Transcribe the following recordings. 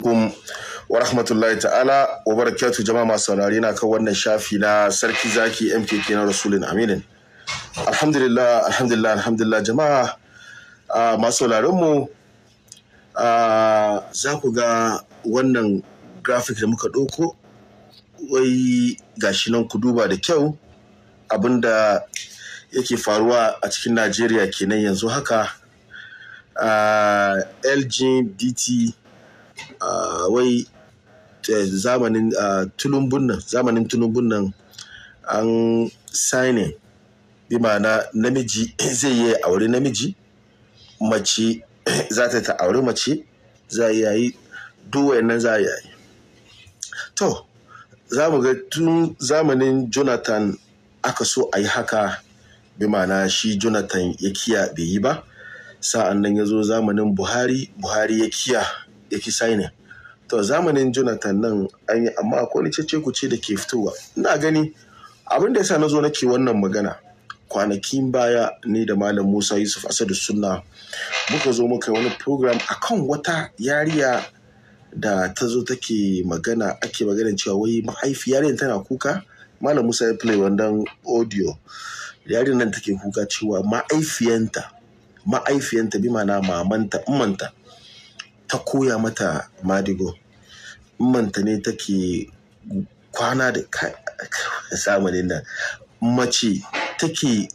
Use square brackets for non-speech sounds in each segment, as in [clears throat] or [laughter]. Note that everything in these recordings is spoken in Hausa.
alaikum wa rahmatullahi ta'ala wa barakatu jama'a masu saurari na kan wannan shafi na sarki zaki mkk na rasulun aminin alhamdulillah alhamdulillah alhamdulillah jama'a a ah, masu sauraron mu ah, za ku ga wannan graphic da muka ɗauko wai gashi nan ku duba da kyau abinda yake faruwa a cikin najeriya kenan yanzu haka uh, ah, lgbt wai eh, zamanin tulumbun nan zamanin tulumbun nan an signing bi ma'ana namiji [clears throat] zai yi aure namiji mace [clears throat] za ta ta aure mace za a yayi duwayen nan za a yayi to za mu ga tun zamanin jonathan aka so a yi haka bi ma'ana shi jonathan ya kiya bai yi ba sa'an nan ya zo zamanin buhari buhari ya kiya ya ki to zamanin jonathan nan an yi amma akwai wani cece ku ce da ke fitowa ina gani abin da yasa na zo nake wannan magana kwanakin baya ne da malam musa yusuf asadu sunna muka zo muka yi wani program akan wata yariya da ta zo take magana ake magana cewa wai mahaifi yarinyar tana kuka malam musa ya play wannan audio yarinyar nan take kuka cewa mahaifiyanta ma'aifiyanta bi mana mamanta ummanta ta koya mata madigo manta ne take kwana da zamanin nan mace take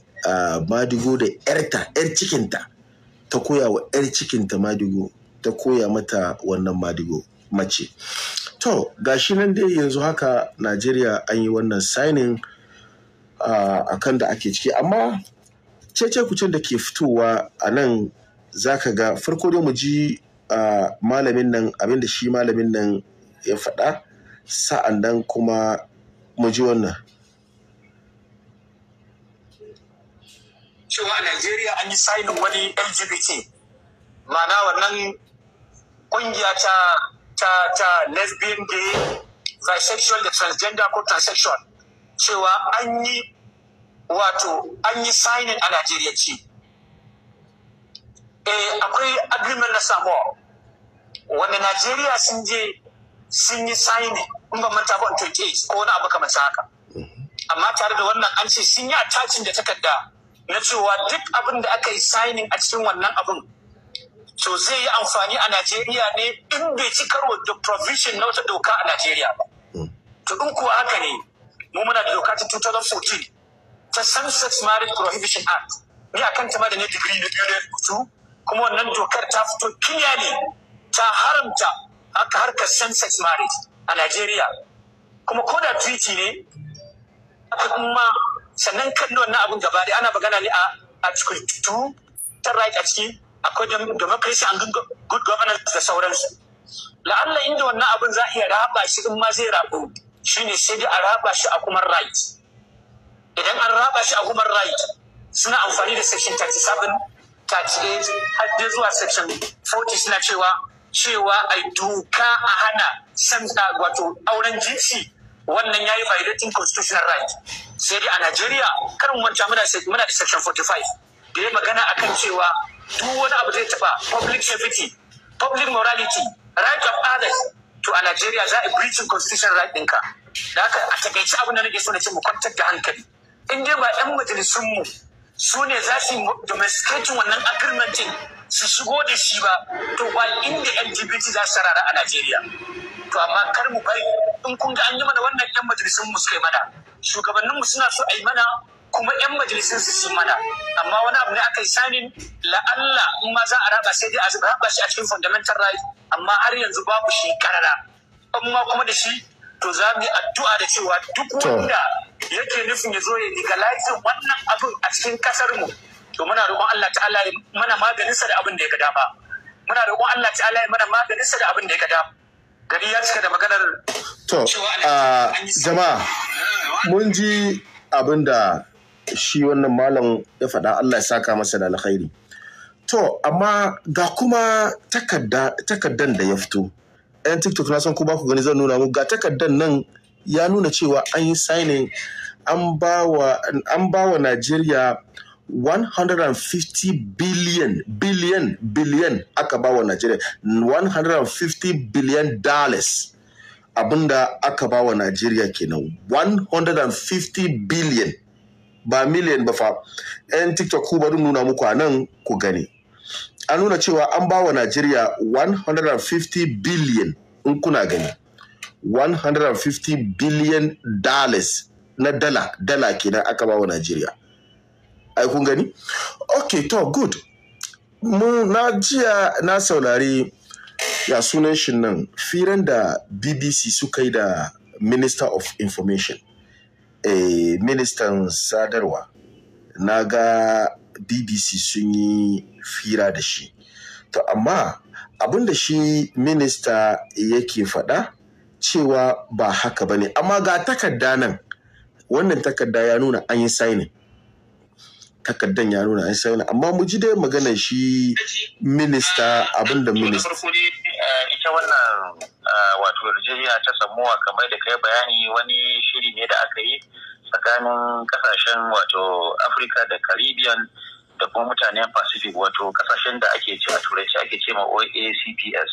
madigo da yarta yar cikinta ta koya wa yar cikinta madigo ta koya mata wannan madigo mace to gashi nan dai yanzu haka najeriya an yi wannan signing a kan da ake ciki amma cece kucin da ke fitowa a nan za ka ga farko dai mu ji malamin nan abinda shi malamin nan ya faɗa sa'an nan kuma muji wannan. Cewa a Najeriya an yi sainin wani LGBT ma'ana wannan ƙungiya ta ta ta lesbian gay bisexual da transgender ko transsexual cewa an yi wato an yi sainin a Najeriya ce. Eh, akwai agreement na samuwa. wani Najeriya sun je sun yi signing in ba manta ba to ke ko wani abu kamar haka mm-hmm. amma tare da wannan an ce sun yi attachin da takarda na cewa duk abin da aka yi signing a cikin wannan abun to zai yi amfani a Najeriya ne in bai ci karo da provision na wata doka a Najeriya mm. to in kuwa haka ne mu muna da doka ta 2014 ta Sunset Marriage Prohibition Act ni akan ta ma da ne digiri na biyu kuma wannan dokar ta fito clearly ta haramta aka harkar same sex marriage a Najeriya kuma ko da treaty ne kuma sannan kan wannan abin gaba da ana magana ne a article 2 ta right a ciki akwai democracy and good governance da sauransu la'alla inda wannan abin za a iya raba shi in ma zai rabu shi ne sai dai a raba shi a human right idan an raba shi a human right suna amfani da section 37 38 har zuwa section 40 suna cewa cewa ai doka a hana santa wato auren jinsi wannan ya yi violating constitutional right sai dai a Najeriya karin wancan muna da section 45 da ya magana akan cewa duk wani abu zai taba public safety public morality right of others to a Najeriya za a breaching constitutional right ɗinka da haka a takaice abin da nake so na ce mu kwantar da hankali in dai ba 'yan majalisunmu su ne za su yi domesticating wannan agreement su shigo da shi ba to ba inda LGBT za su tarara a Najeriya to amma kar mu bari in kun ga an yi mana wannan yan majalisun mu suka yi mana shugabannin mu suna so a yi mana kuma yan majalisun su su mana amma wani abu ne aka yi sanin la'alla in ma za a raba sai dai a raba shi a cikin fundamental right amma har yanzu babu shi karara amma kuma da shi to za mu yi addu'a da cewa duk wanda yake nufin ya zo ya legalize wannan abin a cikin kasar mu to muna roƙon Allah ta'ala ya mana maganin sa da abin da ya ga dafa. muna roƙon Allah ta'ala ya mana maganin sa da abin da ya ga dafa. gari ya cika da maganar to jama'a eh, mun ji abin da shi wannan malam ya faɗa Allah ya saka masa da alkhairi to amma ga kuma takardan da ya fito yan tiktok na san ku ba ku gani zan nuna mu ga takardan nan ya nuna cewa an yi signing an ba wa Najeriya 150 billion billion billion aka ba wa Najeriya 150 billion dollars abinda aka ba wa Najeriya kenan 150 billion ba million ba fa yan TikTok ku bari nuna muku a nan ku gani an nuna cewa an ba wa Najeriya 150 billion in kuna gani 150 billion dollars na dala dala kenan aka ba wa Najeriya ai gani okay to good mu na jiya na saurari ya sunan shi nan firan da bbc suka yi da minister of information eh, ministan sadarwa na ga bbc sun yi fira da shi to amma abin da shi minista yake faɗa cewa ba haka ba ne amma ga takarda nan wannan takarda ya nuna an yi signing takardan ya nuna an sauna amma mu ji dai magana shi minista abin da minista eh, ita wannan eh, wato Virginia ta samuwa kamar da kai bayani wani shiri ne da aka yi tsakanin kasashen wato Afirka da Caribbean da kuma mutanen Pacific wato kasashen da ake ce a turanci ake ce ma OACPS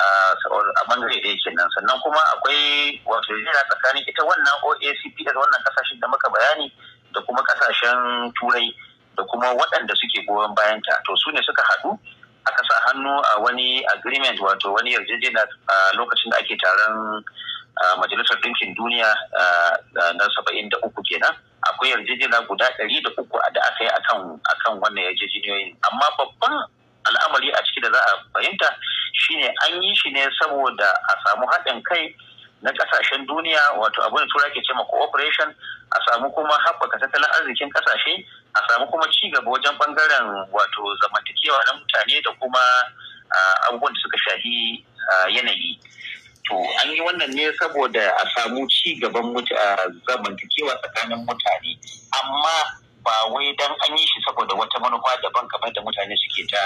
eh, a bangare da yake nan sannan kuma akwai wato Virginia tsakanin ita wannan OACPS wannan kasashen da muka bayani da kuma kasashen turai da kuma waɗanda suke goyon bayanta to su ne suka haɗu aka sa hannu a wani agreement wato wani yarjejeniya a lokacin da ake taron majalisar ɗinkin duniya na saba'in da uku kenan akwai yarjejeniya guda ɗari da uku da aka yi akan wannan yarjejeniyoyin amma babban al'amari a ciki da za a fahimta shine an yi shi ne saboda a samu haɗin kai na kasashen duniya wato abu da tura ke ce ma cooperation a samu kuma haɓaka tattalin arzikin kasashe a samu kuma ci gaba wajen bangaren wato zamantakewa na mutane da kuma abubuwan da suka shahi yanayi to an yi wannan ne saboda a samu ci gaban zamantakewa tsakanin mutane amma ba wai dan an yi shi saboda wata manufa daban kamar da mutane suke ta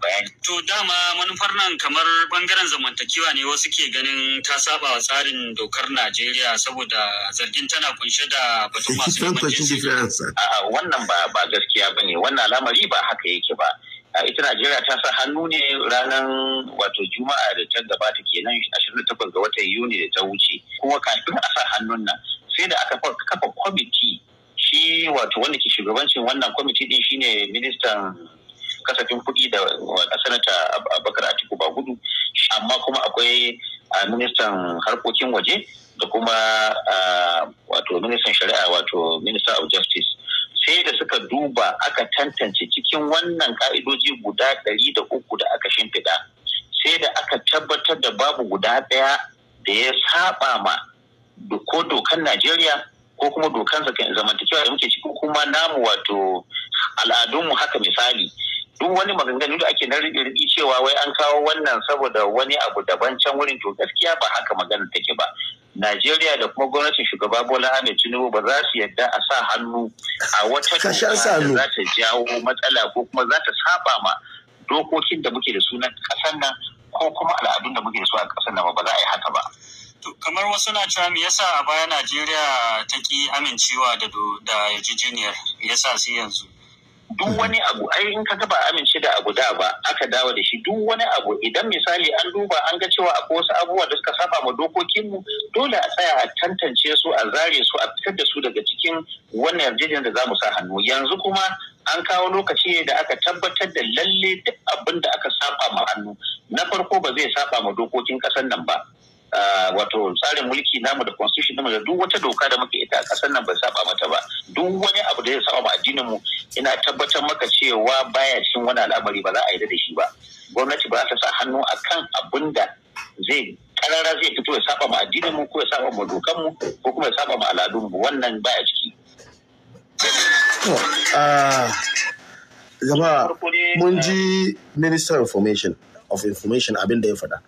bayani. To dama manufar nan kamar bangaren zamantakewa ne wasu ke ganin ta saba wa tsarin dokar Najeriya saboda zargin tana kunshe da batun masu Wannan ba gaskiya ba ne, wannan al'amari ba haka yake ba. ita Najeriya ta sa hannu ne ranar wato Juma'a da ta gabata kenan 28 ga watan Yuni da ta wuce kuma kafin a sa hannun nan sai da aka kafa kwamiti shi wato wanda ke shugabancin wannan kwamiti din shine ministan kasafin kuɗi da sanata abubakar atiku ba gudu amma kuma akwai ministan harkokin waje da kuma wato ministan shari'a wato minister of justice sai da suka duba aka tantance cikin wannan ka'idoji guda ɗari da uku da aka shimfiɗa sai da aka tabbatar da babu guda ɗaya da ya saba ma ko dokan najeriya ko kuma dokansa kan zamantakewa da muke ciki kuma namu wato al'adunmu haka misali duk wani maganganu da ake na riƙi cewa wai an kawo wannan saboda wani abu daban can wurin to gaskiya ba haka magana take ba Najeriya da kuma gwamnatin shugaba Bola Ahmed Tinubu ba za su yadda a sa hannu a wata doka da za ta jawo matsala ko kuma za ta saba ma dokokin da muke da su na ƙasar nan ko kuma al'adun da muke da su a ƙasar nan ba za a yi haka ba. kamar wasu na cewa me yasa a baya Najeriya ta ki amincewa da da yarjejeniyar yasa sai yanzu duk wani abu ai in ka ba amince da abu da ba aka dawo da shi duk wani abu idan misali an duba an ga cewa akwai wasu abubuwa da suka saba ma dokokinmu dole a tsaya a tantance su a zare su a fitar da su daga cikin wannan yarjejeniyar da za mu sa hannu yanzu kuma an kawo lokaci ne da aka tabbatar da lalle duk abin da aka saba ma hannu na farko ba zai saba ma dokokin kasar nan ba Ah, wato tsarin mulki namu da constitution namu da duk wata doka da muke ita a kasar nan ba saba mata ba duk wani abu da ya saba addinin mu ina tabbatar maka cewa baya cikin wani al'amari ba za a yarda da shi ba gwamnati ba za ta sa hannu akan abin da zai karara zai fito ya saba ma addinin mu ko ya saba ma dokan mu ko kuma ya saba ma al'adun mu wannan baya ciki ah, jama'a mun eh, ji minister of information abin da ya faɗa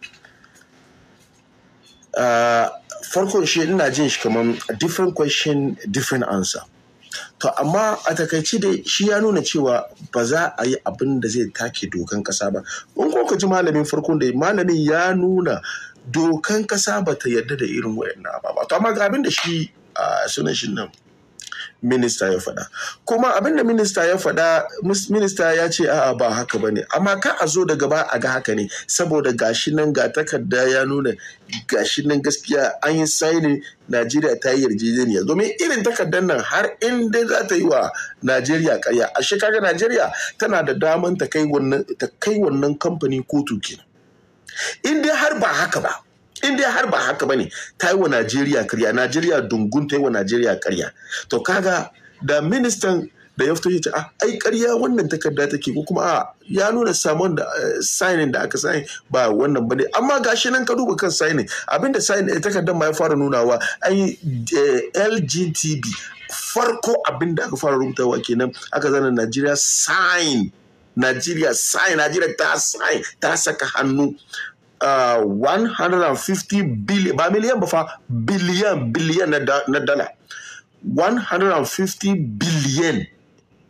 farkon shi ina jin shi kamar different question different answer to amma a takaici dai shi ya nuna cewa ba za a yi abin da zai take dokan kasa ba in ko ji malamin farkon da malamin ya nuna dokan kasa ba ta yarda da irin wayannan ba to amma ga abin da shi ah, sunan shi nan minista ya faɗa kuma abinda minista ya faɗa minista ya ce a'a ba haka bane amma ka a zo da gaba a ga haka ne saboda gashi nan ga takarda ya nuna gashi nan gaskiya an yi saini Najeriya ta yi yarjejeniya domin irin takardar nan har in dai za ta yi wa Najeriya karya a shekarar Najeriya tana da daman ta kai wannan kamfani kotu kenan in dai har ba haka ba in dai har ba haka bane ta yi wa Najeriya karya Najeriya dungun ta yi wa Najeriya karya to kaga da ministan da ya fito ya ce a ah, ai karya wannan takarda take ko kuma a ah, ya nuna samun da eh, signing da aka sign ba wannan bane amma gashi nan ka duba kan signing abinda signing eh, takardar ma ya fara nunawa ai eh, LGTB farko abinda aka fara rubutawa kenan aka zana Najeriya sign Najeriya sign Najeriya ta sign ta saka hannu 150 uh, ba miliyan ba fa biliyan biliyan na dala 150 biliyan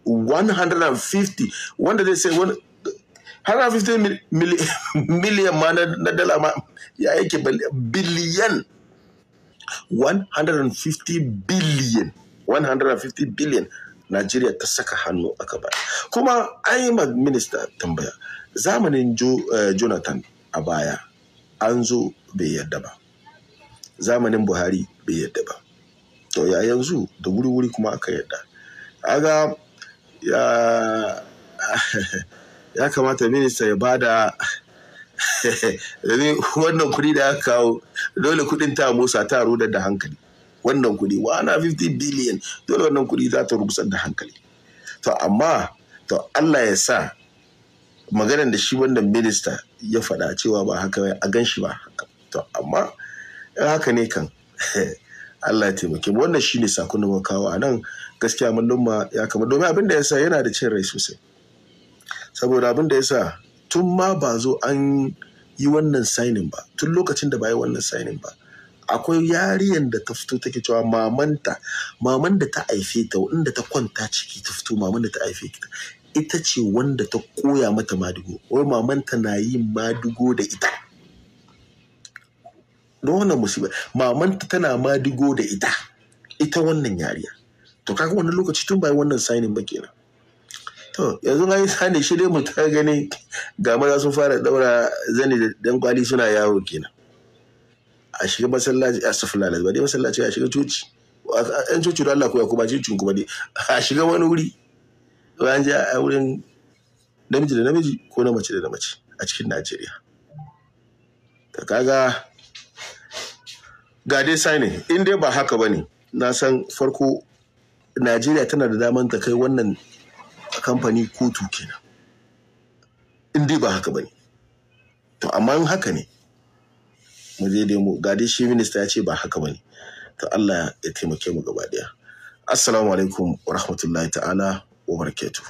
150 wanda zai sai wani 150 miliyan [laughs] ma na dala ma ya yake biliyan 150 biliyan 150 biliyan Najeriya ta saka hannu aka ba kuma an yi minista tambaya zamanin jo, uh, Jonathan a baya an zo bai yadda ba zamanin buhari bai yadda ba to ya yanzu da wuri-wuri kuma aka yadda aga ya [laughs] ya kamata minista ya bada [laughs] da wannan kudi da aka kawo dole kudin ta musa ta rudar da hankali wannan kudi wana 50 billion dole wannan kudi za ta rubusar da hankali to amma to Allah ya sa maganar da shi wannan minista ya faɗa cewa ba haka a gan shi ba to amma in haka ne kan [laughs] Allah ya taimake mu wannan shine sakon da kawo anan nan gaskiya mallumma ya kama domin abin da yasa yana da cin rai sosai saboda abin da yasa tun ma ba zo an yi wannan signing ba tun lokacin da ba yi wannan signing ba akwai yariyan da ta fito take cewa mamanta maman da ta haife ta inda ta kwanta ciki ta fito maman da ta haife ta ita ce wanda ta koya mata madugo wai mamanta na yin madugo da ita don wannan musibar mamanta tana madugo da ita ita wannan yariya to kaga wannan lokaci tun bai wannan sainin ba kenan to yanzu ga sani shi dai mu ta gani ga maza sun fara daura zani da dan kwali suna yawo kenan a shiga masallaci a sufla ba dai masallaci a shiga coci yan coci da Allah ko kuma cin kuma dai a shiga wani wuri bayan je a wurin namiji da namiji ko na mace da na mace a cikin Najeriya. Ka kaga ga dai sani in dai ba haka ba ne na san farko Najeriya tana da damar ta kai wannan kamfani kotu kenan. In dai ba haka ba ne. To amma in haka ne mu je dai mu ga dai shi minista ya ce ba haka ba ne. To Allah ya taimake mu gaba daya. Assalamu alaikum wa rahmatullahi ta'ala wa barakatuh